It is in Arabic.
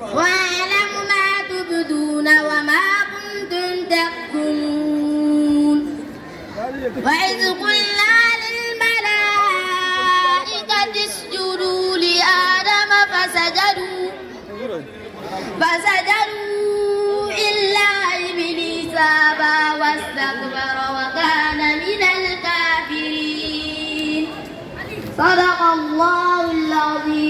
وأعلم ما تبدون وما كنتم تكتمون وإذ قلنا للملائكة اسجدوا لآدم فسجدوا فسجدوا إلا إبليس أبى واستكبر وكان من الكافرين صدق الله العظيم